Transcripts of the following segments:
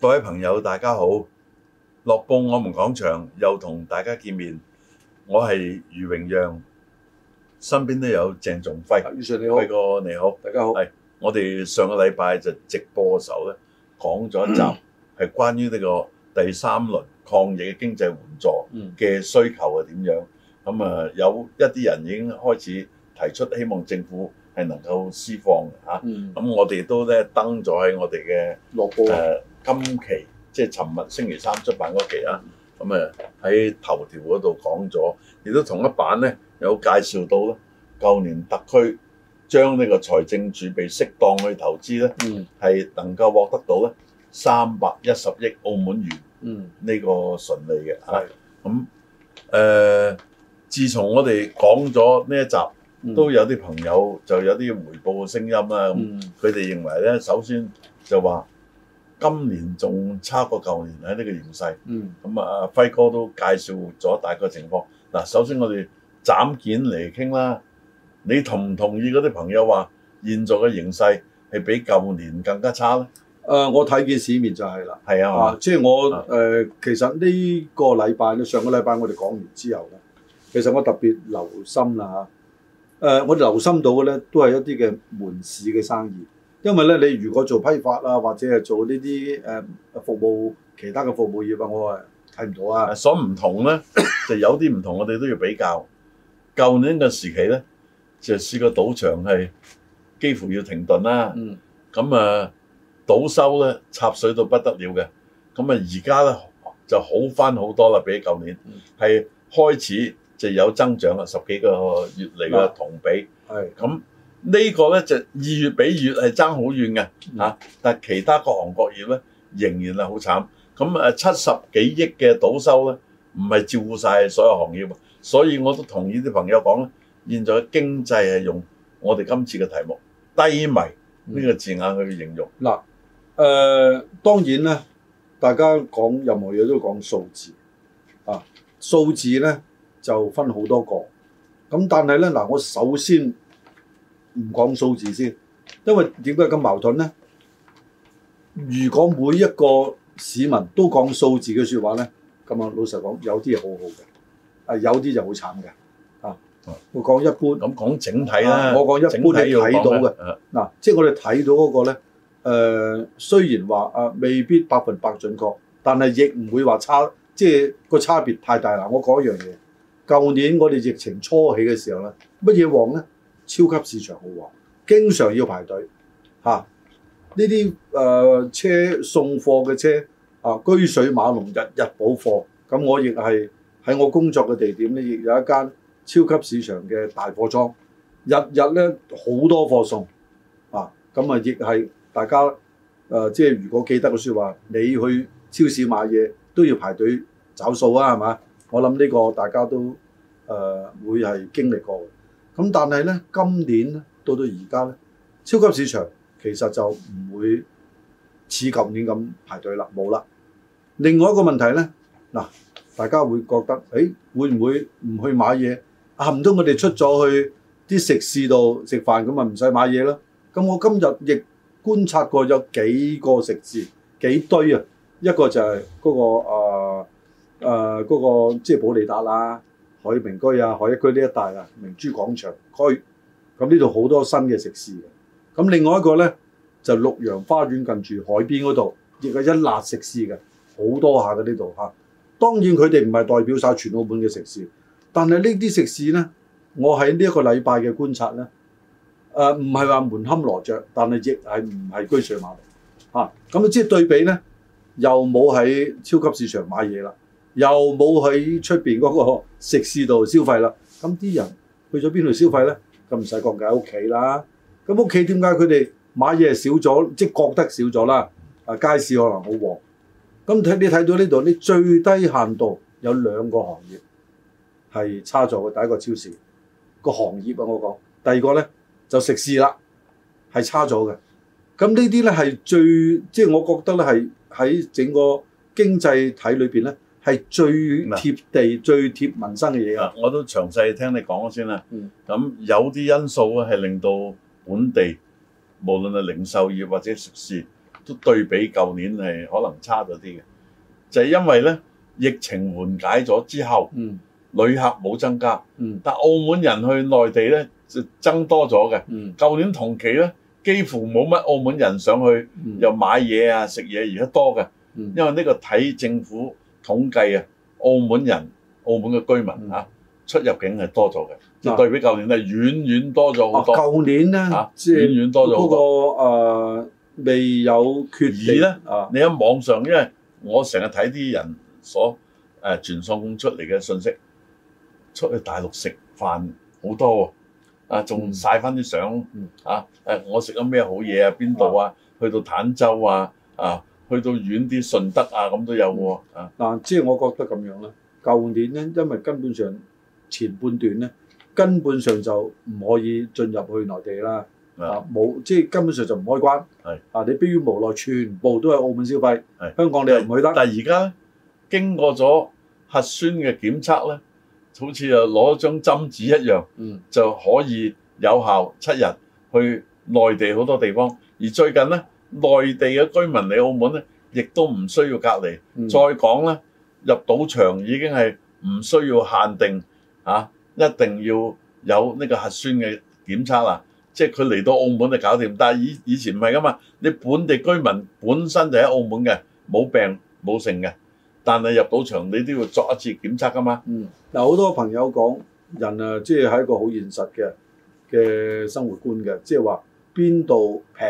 各位朋友，大家好！落布我們廣場又同大家見面，我係余榮讓，身邊都有鄭仲輝。余 s i 你好，哥，你好，大家好。我哋上個禮拜就直播嘅時候咧，講咗一集係關於呢個第三輪抗疫經濟援助嘅需求係點樣。咁啊，有一啲人已經開始提出希望政府係能夠施放咁、嗯啊、我哋都咧登咗喺我哋嘅落報今期即係尋日星期三出版嗰期啊，咁誒喺頭條嗰度講咗，亦都同一版咧有介紹到咧，舊年特區將呢個財政儲備適當去投資咧，係、嗯、能夠獲得到咧三百一十億澳門元呢、嗯呢個純利嘅。係咁誒，自從我哋講咗呢一集，嗯、都有啲朋友就有啲回報嘅聲音啦。咁佢哋認為咧，首先就話。今年仲差過舊年喺呢個形勢，咁、嗯、啊輝哥都介紹咗大概情況。嗱，首先我哋斬件嚟傾啦，你同唔同意嗰啲朋友話現在嘅形勢係比舊年更加差咧？誒、呃，我睇見市面就係啦，係啊，啊，啊即係我誒、呃、其實呢個禮拜，上個禮拜我哋講完之後咧，其實我特別留心啦嚇，誒、啊呃、我哋留心到嘅咧都係一啲嘅門市嘅生意。因為咧，你如果做批發啦、啊，或者係做呢啲誒服務其他嘅服務業啊，我係睇唔到啊。所唔同咧， 就有啲唔同，我哋都要比較。舊年嘅時期咧，就試過賭場係幾乎要停頓啦。咁、嗯、啊，賭收咧插水到不得了嘅。咁啊，而家咧就好翻好多啦，比舊年係、嗯、開始就有增長啦，十幾個月嚟嘅、嗯、同比。係咁。這個、呢個咧就二月比月係爭好遠嘅，但其他各行各業咧仍然係好慘。咁七十幾億嘅倒收咧，唔係照顧晒所有行業。所以我都同意啲朋友講咧，現在經經濟係用我哋今次嘅題目低迷呢個字眼去形容。嗱、嗯、誒、嗯呃，當然啦，大家講任何嘢都講數字啊，數字咧就分好多個咁，但係咧嗱，我首先。唔講數字先，因為點解咁矛盾咧？如果每一個市民都講數字嘅説話咧，咁啊老實講，有啲係好好嘅，啊有啲就好慘嘅、嗯嗯嗯、啊。我講一般，咁講整體咧，我講一般係睇到嘅。嗱、嗯，即係我哋睇到嗰個咧，誒、呃、雖然話啊未必百分百準確，但係亦唔會話差，即、就、係、是、個差別太大啦、嗯。我講一樣嘢，舊年我哋疫情初起嘅時候咧，乜嘢旺咧？超級市場好旺，經常要排隊嚇。呢啲誒車送貨嘅車嚇，車水馬龍，日日補貨。咁我亦係喺我工作嘅地點咧，亦有一間超級市場嘅大貨倉，日日呢好多貨送啊。咁啊，亦係大家誒，即係如果記得個説話，你去超市買嘢都要排隊找數啊，係嘛？我諗呢個大家都誒會係經歷過。咁但係咧，今年到到而家咧，超級市場其實就唔會似舊年咁排隊啦，冇啦。另外一個問題咧，嗱，大家會覺得，誒，會唔會唔去買嘢？啊，唔通我哋出咗去啲食肆度食飯咁咪，唔使買嘢咯？咁我今日亦觀察過有幾個食肆，幾堆啊，一個就係嗰個誒誒嗰個即係保利達啦。海明居啊，海一居呢一帶啊，明珠廣場區，咁呢度好多新嘅食肆嘅。咁另外一個咧，就是、綠楊花園近住海邊嗰度，亦係一攔食肆嘅，好多下嘅呢度嚇。當然佢哋唔係代表晒全澳門嘅食肆，但係呢啲食肆咧，我喺呢一個禮拜嘅觀察咧，誒唔係話門可羅雀，但係亦係唔係居上馬路咁、啊、即係對比咧，又冇喺超級市場買嘢啦。又冇喺出面嗰個食肆度消費啦，咁啲人去咗邊度消費咧？咁唔使講梗係屋企啦。咁屋企點解佢哋買嘢少咗，即係覺得少咗啦？啊，街市可能好旺。咁睇你睇到呢度，你最低限度有兩個行業係差咗嘅。第一個超市個行業啊，我講第二個咧就食肆啦，係差咗嘅。咁呢啲咧係最即係我覺得咧係喺整個經濟體裏面咧。係最貼地、最貼民生嘅嘢㗎。我都詳細聽你講咗先啦。咁、嗯、有啲因素啊，係令到本地無論係零售業或者食肆都對比舊年係可能差咗啲嘅。就係、係、因為呢，疫情緩解咗之後，嗯、旅客冇增加、嗯，但澳門人去內地呢，就增多咗嘅。舊、嗯、年同期呢，幾乎冇乜澳門人上去、嗯、又買嘢啊食嘢、啊，而家多嘅、嗯。因為呢個睇政府，統計啊，澳門人、澳門嘅居民嚇、啊、出入境係多咗嘅，要、嗯、對比舊年係遠遠多咗好多。舊、啊、年啦嚇，遠、啊、遠多咗好多。嗰、那個誒、呃、未有決定。呢啊、你喺網上，因為我成日睇啲人所誒傳、啊、送出嚟嘅信息，出去大陸食飯好多喎，啊仲晒翻啲相嚇誒，我食咗咩好嘢啊？邊度啊？去到坦洲啊啊！啊去到遠啲順德啊，咁都有喎啊！嗱、啊，即係我覺得咁樣啦。舊年咧，因為根本上前半段咧，根本上就唔可以進入去內地啦。啊，冇即係根本上就唔開關。係啊，你迫於無奈全部都喺澳門消費。係香港你又唔去得。但係而家經過咗核酸嘅檢測咧，好似又攞張針紙一樣、嗯，就可以有效七日去內地好多地方。而最近咧，內地嘅居民嚟澳門咧，亦都唔需要隔離。嗯、再講咧，入賭場已經係唔需要限定嚇、啊，一定要有呢個核酸嘅檢測啦。即係佢嚟到澳門就搞掂。但係以以前唔係噶嘛，你本地居民本身就喺澳門嘅，冇病冇剩嘅，但係入賭場你都要作一次檢測噶嘛。嗯，嗱好多朋友講人誒、啊，即係喺一個好現實嘅嘅生活觀嘅，即係話邊度平。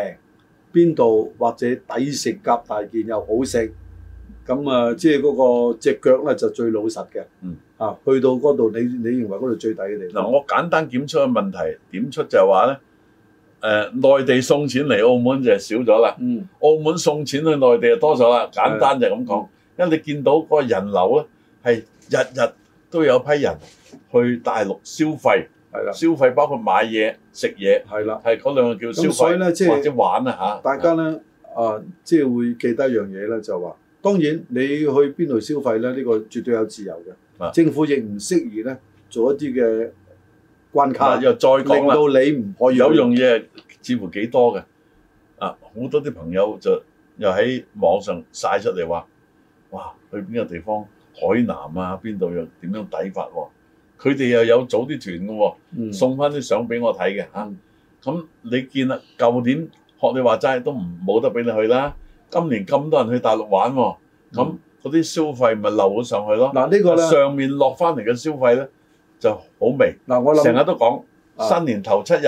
邊度或者抵食夾大件又好食，咁啊，即係嗰個隻腳咧就最老實嘅。嗯。啊，去到嗰度，你你認為嗰度最抵嘅地方？嗱，我簡單檢出嘅問題點出就係話咧，誒，內地送錢嚟澳門就係少咗啦。嗯。澳門送錢去內地就多咗啦。簡單就係咁講，因為你見到個人流咧係日日都有批人去大陸消費。係啦，消費包括買嘢、食嘢，係啦，係嗰兩樣叫消費，即係、或即玩啊嚇。大家咧啊，即、啊、係、即係、會記得一樣嘢咧，就話當然你去邊度消費咧，呢、呢個絕對有自由嘅。政府亦唔適宜咧做一啲嘅關卡，又再令到你唔可以用有樣嘢似乎幾多嘅啊！好多啲朋友就又喺網上晒出嚟話：，哇，去邊個地方？海南啊，邊度又點樣抵法喎？啊？佢哋又有組啲團嘅喎，送翻啲相俾我睇嘅嚇。咁你見啦，舊年學你話齋都唔冇得俾你去啦。今年咁多人去大陸玩喎、哦，咁嗰啲消費咪流咗上去咯。嗱、啊這個、呢個上面落翻嚟嘅消費咧就好微。嗱、啊、我成日都講、啊、新年頭七日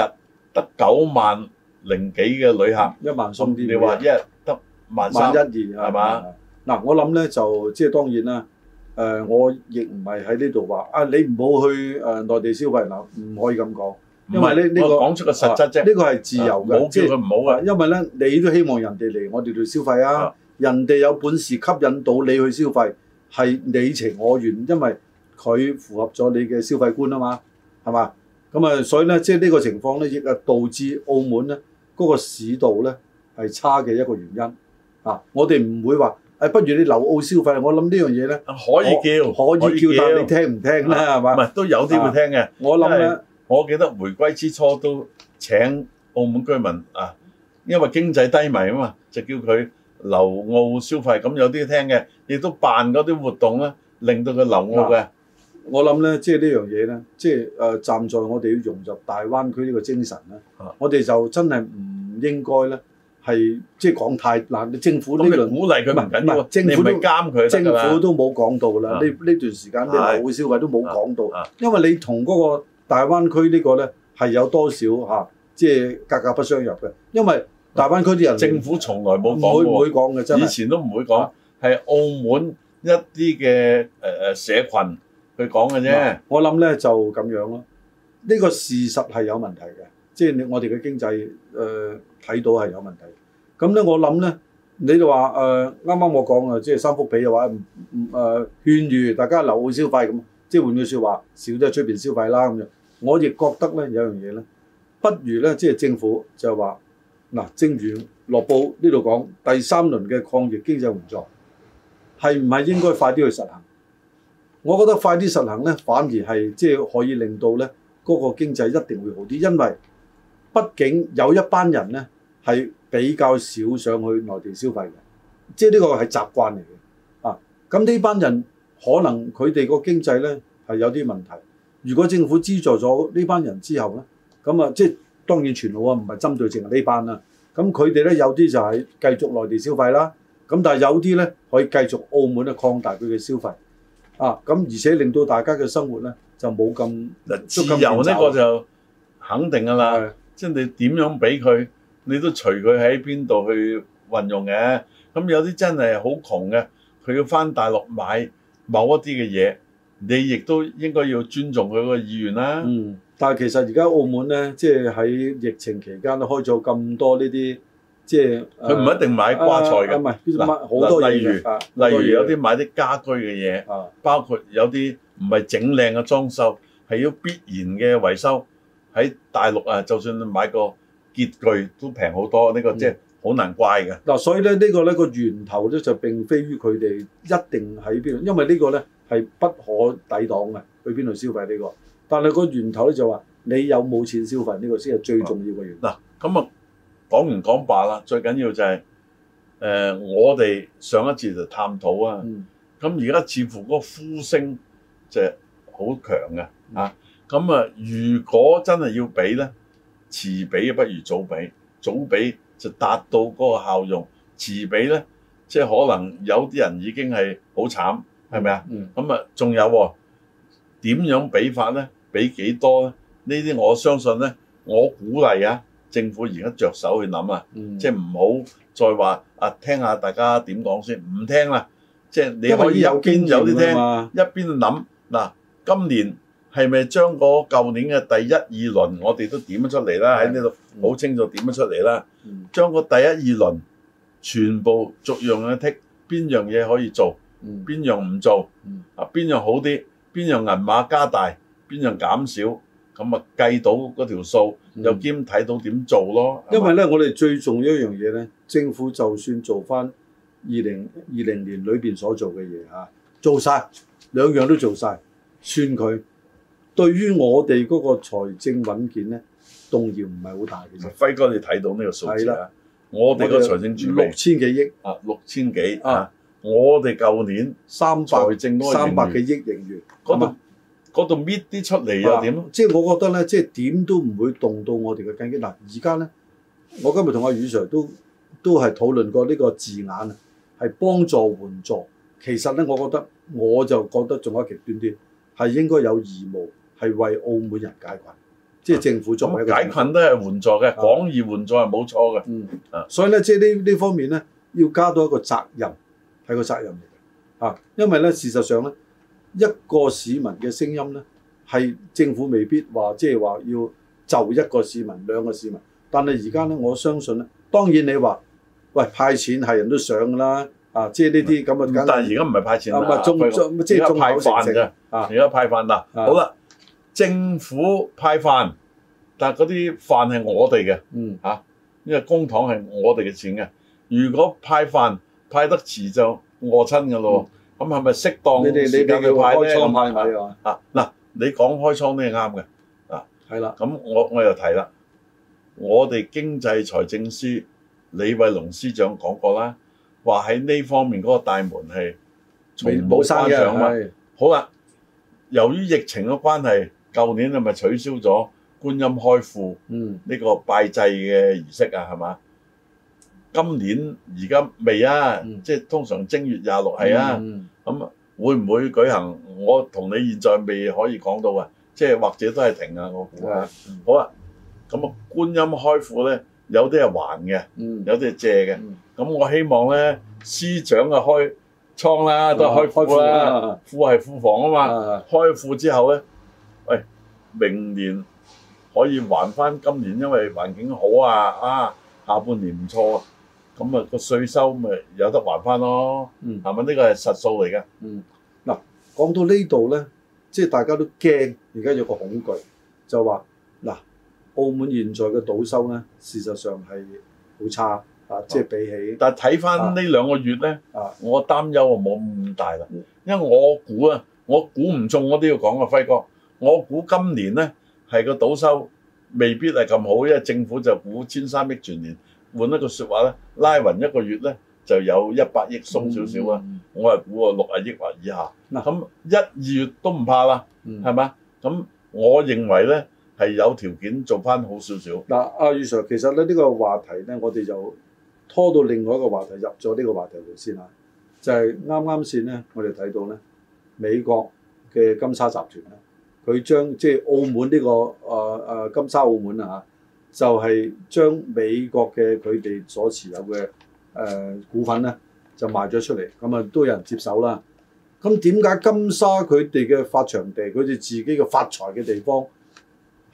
得九萬零幾嘅旅客、嗯，一萬送啲。你話一日得萬一二係、啊、嘛？嗱、啊、我諗咧就即係當然啦。誒、呃，我亦唔係喺呢度話啊！你唔好去誒內、呃、地消費啦，唔可以咁講。唔係、這個、我講出個實質啫。呢、啊這個係自由嘅，即係佢唔好嘅。因為咧，你都希望人哋嚟我哋度消費啊！人哋有本事吸引到你去消費，係你情我願，因為佢符合咗你嘅消費觀啊嘛，係嘛？咁、嗯、啊、嗯，所以咧，即係呢個情況咧，亦係導致澳門咧嗰、那個市道咧係差嘅一個原因啊！我哋唔會話。誒，不如你留澳消費，我諗呢樣嘢咧，可以叫，可以叫，但你聽唔聽啦，係嘛？係都有啲會聽嘅。我諗咧，我記得回歸之初都請澳門居民啊，因為經濟低迷啊嘛，就叫佢留澳消費。咁有啲聽嘅，亦都辦嗰啲活動咧，令到佢留澳嘅。我諗咧，即係呢樣嘢咧，即係誒，站在我哋要融入大灣區呢個精神咧，我哋就真係唔應該咧。係即係講太難，政府呢輪鼓勵佢唔緊要，政府都政府都冇講到啦。呢、啊、呢段時間啲澳消費都冇講到、啊，因為你同嗰個大灣區呢個咧係有多少嚇，即、啊、係、就係、格格不相入嘅。因為大灣區啲人、啊、政府從來冇講唔會講過，以前都唔會講係、啊、澳門一啲嘅誒誒社群去講嘅啫。我諗咧就咁樣咯，呢、呢個事實係有問題嘅。即係你我哋嘅經濟，誒、呃、睇到係有問題。咁咧我諗咧，你就話誒啱啱我講啊，即係三幅被嘅話唔唔誒勸喻大家留少消費咁，即係換句説話少咗出面消費啦咁樣。我亦覺得咧有樣嘢咧，不如咧即係政府就係話嗱，正如樂報呢度講第三輪嘅抗疫經濟援助係唔係應該快啲去實行？我覺得快啲實行咧，反而係即係可以令到咧嗰、那個經濟一定會好啲，因為畢竟有一班人咧係比較少上去內地消費嘅，即係呢個係習慣嚟嘅。啊，咁呢班人可能佢哋個經濟咧係有啲問題。如果政府資助咗呢班人之後咧，咁啊即係當然全澳啊唔係針對淨係呢班啦。咁佢哋咧有啲就係繼續內地消費啦。咁但係有啲咧可以繼續澳門咧擴大佢嘅消費。啊，咁而且令到大家嘅生活咧就冇咁自由呢個就肯定㗎啦。即係你點樣俾佢，你都隨佢喺邊度去運用嘅、啊。咁有啲真係好窮嘅，佢要翻大陸買某一啲嘅嘢，你亦都應該要尊重佢個意願啦、啊。嗯，但係其實而家澳門咧，即係喺疫情期間都開咗咁多呢啲，即係佢唔一定買瓜菜嘅，唔係、啊、好、啊、多例如，例如有啲買啲家居嘅嘢、啊，包括有啲唔係整靚嘅裝修，係要必然嘅維修。喺大陸啊，就算你買個潔具都平好多，呢、這個即係好難怪嘅。嗱、嗯啊，所以咧、這、呢個咧、這個源頭咧就並非於佢哋一定喺邊度，因為呢個咧係不可抵擋嘅，去邊度消費呢、這個。但係個源頭咧就話你有冇錢消費呢個先係最重要嘅源。嗱、啊，咁啊講完講白啦，最緊要就係誒我哋上一次就探討、嗯、啊，咁而家似乎個呼聲就係好強嘅啊。嗯咁啊，如果真係要俾咧，遲俾不如早俾，早俾就達到嗰個效用。遲俾咧，即係可能有啲人已經係好慘，係咪啊？咁啊，仲有喎，點樣俾法咧？俾幾多咧？呢啲我相信咧，我鼓勵啊，政府而家着手去諗啊，即係唔好再話啊，聽下大家點講先，唔聽啦。即係你可以有邊有啲聽？一邊諗。嗱，今年。係咪將個舊年嘅第一二輪我哋都點出嚟啦？喺呢度好清楚點出嚟啦。將、嗯、個第一二輪全部逐樣嘅剔，邊樣嘢可以做，邊、嗯、樣唔做，啊、嗯、邊樣好啲，邊樣銀碼加大，邊樣減少，咁啊計到嗰條數，又兼睇到點做咯。因為咧，我哋最重要一樣嘢咧，政府就算做翻二零二零年裏面所做嘅嘢嚇，做晒，兩樣都做晒，算佢。對於我哋嗰個財政穩健咧，動搖唔係好大嘅。輝哥，你睇到呢個數字啦、啊？我哋個財政主力六千幾億啊，六千幾啊、啊。我哋舊年三百財政都係盈餘，嗰度嗰度搣啲出嚟又點？即、啊、係、就是、我覺得咧，即係點都唔會動到我哋嘅根基。嗱、啊，而家咧，我今日同阿宇 sir 都都係討論過呢個字眼啊，係幫助援助。其實咧，我覺得我就覺得仲有極端啲，係應該有義務。係為澳門人解困，即係政府作為、啊、解困都係援助嘅，廣、啊、義援助係冇錯嘅。嗯、啊、所以咧，即係呢呢方面咧，要加多一個責任，係個責任嚟嘅嚇。因為咧，事實上咧，一個市民嘅聲音咧，係政府未必話即係話要就一個市民、兩個市民。但係而家咧，我相信呢當然你話喂派錢係人都想㗎啦啊！即係呢啲咁嘅。但係而家唔係派錢啦，啊咪種咗即係派飯嘅啊，而家派飯嗱、啊啊啊啊，好啦。政府派飯，但係嗰啲飯係我哋嘅，嗯、啊、因為公帑係我哋嘅錢嘅。如果派飯派得遲就餓親㗎咯，咁係咪適當時間去派咧？啊嗱、啊，你講開倉都係啱嘅，啊係啦。咁、啊、我我又提啦，我哋經濟財政司李慧龍司長講過啦，話喺呢方面嗰個大門係從冇關上嘅。好啦，由於疫情嘅關係。舊年係咪取消咗觀音開庫呢個拜祭嘅儀式啊，係嘛？今年而家未啊，嗯、即係通常正月廿六係啊，咁、嗯嗯、會唔會舉行？我同你現在未可以講到啊，即係或者都係停、嗯、好啊，我估啊。好啦，咁啊觀音開庫咧，有啲係還嘅，有啲係借嘅。咁、嗯、我希望咧，司長啊開倉啦，都係開庫啦，庫係庫房啊嘛，嗯、開庫之後咧。明年可以還翻今年，因為環境好啊啊，下半年唔錯啊，咁、那、啊個稅收咪有得還翻咯，係咪呢個係實數嚟嘅？嗯，嗱、這個嗯、講到這裡呢度咧，即係大家都驚，而家有個恐懼，就話嗱、啊，澳門現在嘅賭收咧，事實上係好差啊，啊，即係比起，但係睇翻呢兩個月咧啊，我擔憂啊冇咁大啦、嗯，因為我估啊，我估唔中我都要講啊，輝哥。我估今年咧係個賭收未必係咁好，因為政府就估千三億全年。換一個說話咧，拉勻一個月咧就有鬆一百億鬆少少啊。我係估啊，六啊億或以下。咁、嗯、一、二月都唔怕啦，係、嗯、嘛？咁我認為咧係有條件做翻好少少。嗱、嗯，阿、嗯、宇、啊、Sir，其實咧呢、這個話題咧，我哋就拖到另外一個話題入咗呢個話題度先啦。就係啱啱先咧，我哋睇到咧美國嘅金沙集團咧。佢將即係澳門呢、這個誒誒、呃、金沙澳門啊，就係、是、將美國嘅佢哋所持有嘅誒、呃、股份咧，就賣咗出嚟，咁啊都有人接手啦。咁點解金沙佢哋嘅發場地，佢哋自己嘅發財嘅地方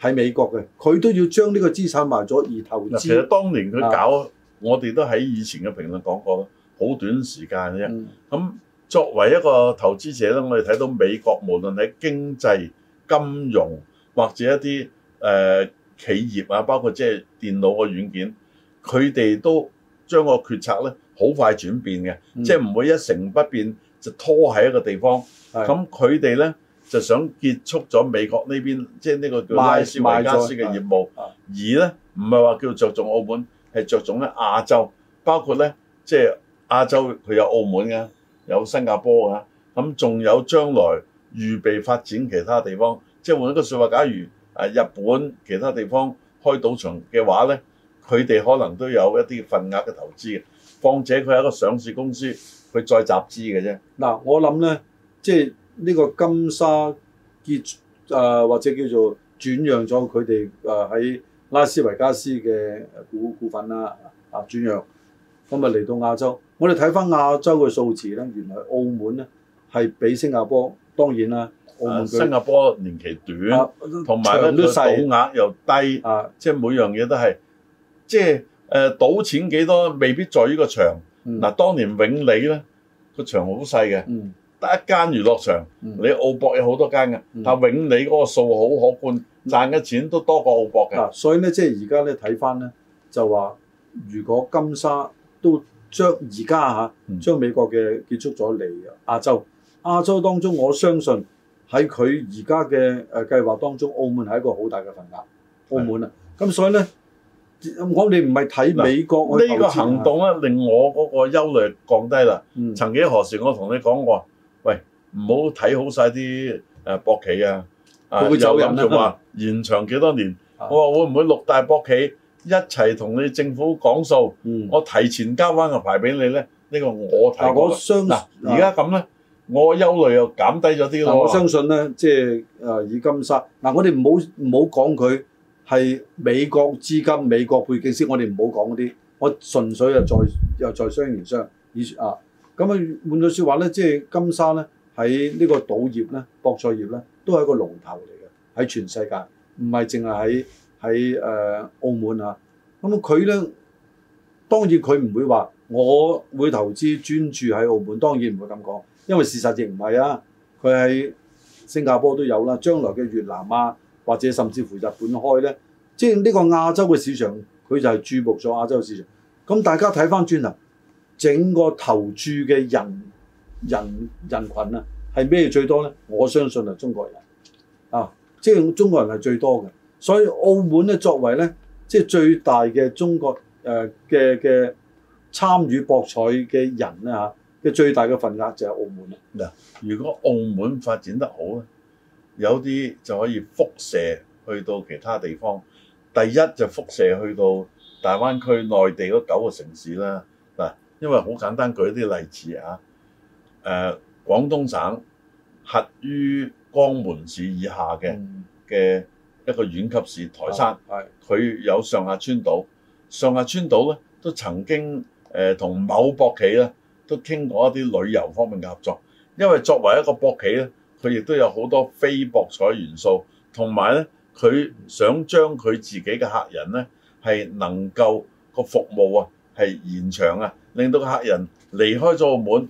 喺美國嘅，佢都要將呢個資產賣咗二投？其實當年佢搞，啊、我哋都喺以前嘅評論講過，好短時間啫。咁、嗯、作為一個投資者咧，我哋睇到美國無論喺經濟，金融或者一啲誒、呃、企業啊，包括即係電腦個軟件，佢哋都將個決策咧好快轉變嘅、嗯，即係唔會一成不變，就拖喺一個地方。咁佢哋咧就想結束咗美國呢邊即係呢個叫拉斯維加斯嘅業務，而咧唔係話叫着重澳門，係着重咧亞洲，包括咧即係亞洲佢有澳門㗎，有新加坡㗎，咁仲有將來。預備發展其他地方，即係換一個説話，假如誒日本其他地方開賭場嘅話咧，佢哋可能都有一啲份額嘅投資嘅。況且佢係一個上市公司，佢再集資嘅啫。嗱，我諗咧，即係呢個金沙結誒、呃、或者叫做轉讓咗佢哋誒喺拉斯維加斯嘅股股份啦、啊，啊轉讓，咁啊嚟到亞洲，我哋睇翻亞洲嘅數字咧，原來澳門咧係比新加坡當然啦、啊，新加坡年期短，同、啊、埋都佢賭額又低，即係每樣嘢都係，即係誒、呃、賭錢幾多未必在於個場。嗱、嗯啊，當年永利咧個場好細嘅，得、嗯、一間娛樂場。嗯、你澳博有好多間嘅、嗯，但永利嗰個數好可觀，嗯、賺嘅錢都多過澳博嘅、啊。所以咧，即係而家咧睇翻咧，就話如果金沙都將而家吓將美國嘅結束咗嚟亞洲。亞洲當中，我相信喺佢而家嘅誒計劃當中，澳門係一個好大嘅份額。澳門啊，咁所以咧，我哋唔係睇美國呢、這個行動啊，令我嗰個憂慮降低啦。嗯、曾幾何時我同你講過，喂唔好睇好晒啲誒博企啊，有冇走人咧？啊、說延長幾多年？我話會唔會六大博企一齊同你政府講數？嗯、我提前交翻個牌俾你咧？呢、這個我睇。我相而家咁咧。啊我憂慮又減低咗啲、啊、我相信咧，即係誒以金沙嗱、啊，我哋唔好唔好講佢係美國資金、美國背景先。我哋唔好講嗰啲，我純粹又再又再商言商啊。咁啊，換句說話咧，即係金沙咧喺呢個賭業咧、博彩業咧，都係一個龍頭嚟嘅，喺全世界唔係淨係喺喺誒澳門啊。咁佢咧當然佢唔會話，我會投資專注喺澳門，當然唔會咁講。因為事實亦唔係啊，佢喺新加坡都有啦，將來嘅越南啊，或者甚至乎日本開咧，即係呢個亞洲嘅市場，佢就係注目咗亞洲市場。咁大家睇翻轉頭，整個投注嘅人人人羣啊，係咩最多咧？我相信係中國人啊，即係中國人係最多嘅。所以澳門咧，作為咧，即係最大嘅中國誒嘅嘅參與博彩嘅人咧、啊最大嘅份額就喺澳門啦。嗱，如果澳門發展得好咧，有啲就可以輻射去到其他地方。第一就輻射去到大灣區內地嗰九個城市啦。嗱，因為好簡單，舉一啲例子啊。誒，廣東省隸於江門市以下嘅嘅、嗯、一個縣級市台山，佢、啊、有上下川島。上下川島咧都曾經誒同某博企咧。都傾過一啲旅遊方面嘅合作，因為作為一個博企咧，佢亦都有好多非博彩元素，同埋咧佢想將佢自己嘅客人咧係能夠個服務啊係延長啊，令到客人離開咗澳門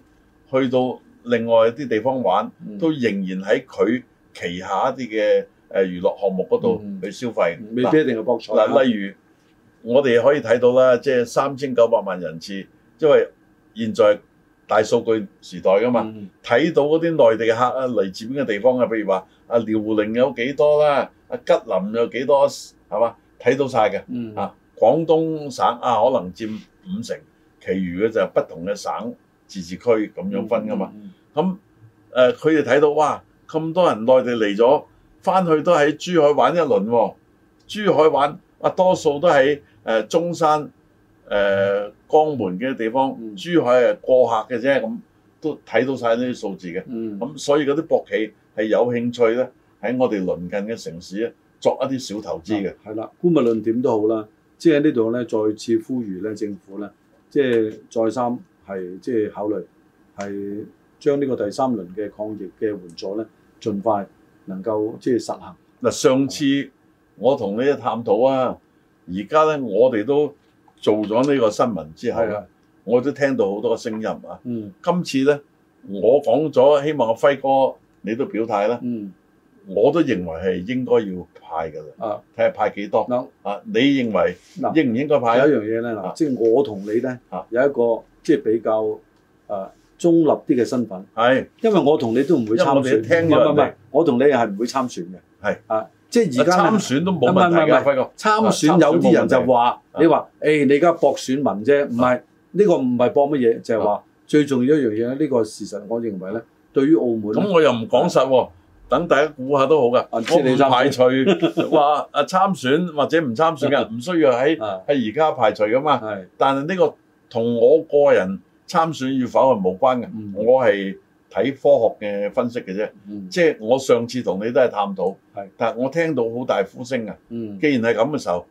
去到另外一啲地方玩，嗯、都仍然喺佢旗下一啲嘅誒娛樂項目嗰度去消費。嗯、未必一定係博彩？嗱，例如我哋可以睇到啦，即係三千九百萬人次，因為現在大數據時代㗎嘛，睇、嗯、到嗰啲內地客啊嚟自邊嘅地方啊，譬如話啊遼寧有幾多啦，啊吉林有幾多，係嘛？睇到晒嘅、嗯，啊廣東省啊可能佔五成，其餘嘅就不同嘅省自治區咁樣分㗎嘛。咁誒佢哋睇到哇咁多人內地嚟咗，翻去都喺珠海玩一輪喎、啊，珠海玩啊多數都喺誒、呃、中山。誒、呃、江門嘅地方，珠海係過客嘅啫，咁都睇到晒呢啲數字嘅。咁、嗯、所以嗰啲博企係有興趣咧，喺我哋鄰近嘅城市咧，作一啲小投資嘅。係、嗯、啦，姑勿論點都好啦，即係呢度咧，再次呼籲咧，政府咧，即係再三係即係考慮係將呢個第三輪嘅抗疫嘅援助咧，盡快能夠即係實行。嗱、嗯，上次我同你一探討啊，而家咧我哋都。做咗呢個新聞之後，我都聽到好多嘅聲音啊！嗯、今次咧，我講咗，希望阿輝哥你都表態啦、嗯。我都認為係應該要派㗎啦。啊，睇下派幾多啊？你認為應唔應該派？啊、有一樣嘢咧，嗱、啊，即係我同你咧、啊、有一個即係比較啊中立啲嘅身份。因為我同你都唔會參選。我聽、嗯、我同你係唔會參選嘅。係啊。即係而家參選都冇問題㗎，參選有啲人就話、啊，你話，誒、啊哎、你而家博選民啫，唔係呢個唔係博乜嘢，就係、是、話、啊、最重要一樣嘢咧，呢、這個事實，我認為咧，對於澳門咁、啊、我又唔講實喎，等、啊、大家估下都好㗎。啊、我唔排除話啊參選或者唔參選嘅人，唔、啊、需要喺喺而家排除噶嘛。但係呢個同我個人參選與否係無關嘅、嗯。我係。睇科學嘅分析嘅啫、嗯，即係我上次同你都係探討，但係我聽到好大呼聲啊、嗯！既然係咁嘅時候，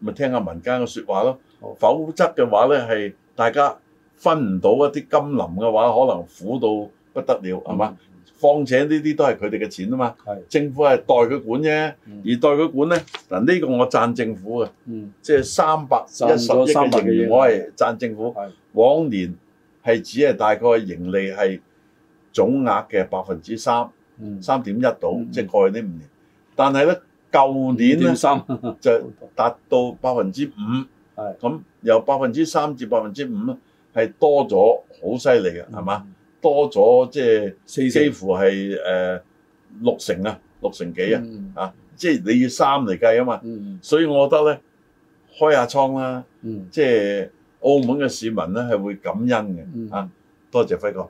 咪聽下民間嘅説話咯。否則嘅話咧，係大家分唔到一啲金林嘅話，可能苦到不得了，係、嗯嗯、嘛？況且呢啲都係佢哋嘅錢啊嘛。政府係代佢管啫、嗯，而代佢管咧嗱，呢、呢個我贊政府嘅，即係三百一十三億嘅盈餘我係贊政府。往年係只係大概盈利係。總額嘅百分之三，三點一到，即、就、係、是、過去呢五年。嗯、但係咧，舊年咧 就達到百分之五。咁由百分之三至百分之五咧，係多咗好犀利嘅，係、嗯、嘛？多咗即係幾乎係誒六成啊，六成幾啊、嗯？啊，即、就、係、是、你要三嚟計啊嘛、嗯。所以我覺得咧，開下倉啦，即、嗯、係、就是、澳門嘅市民咧係會感恩嘅、嗯。啊，多謝輝哥。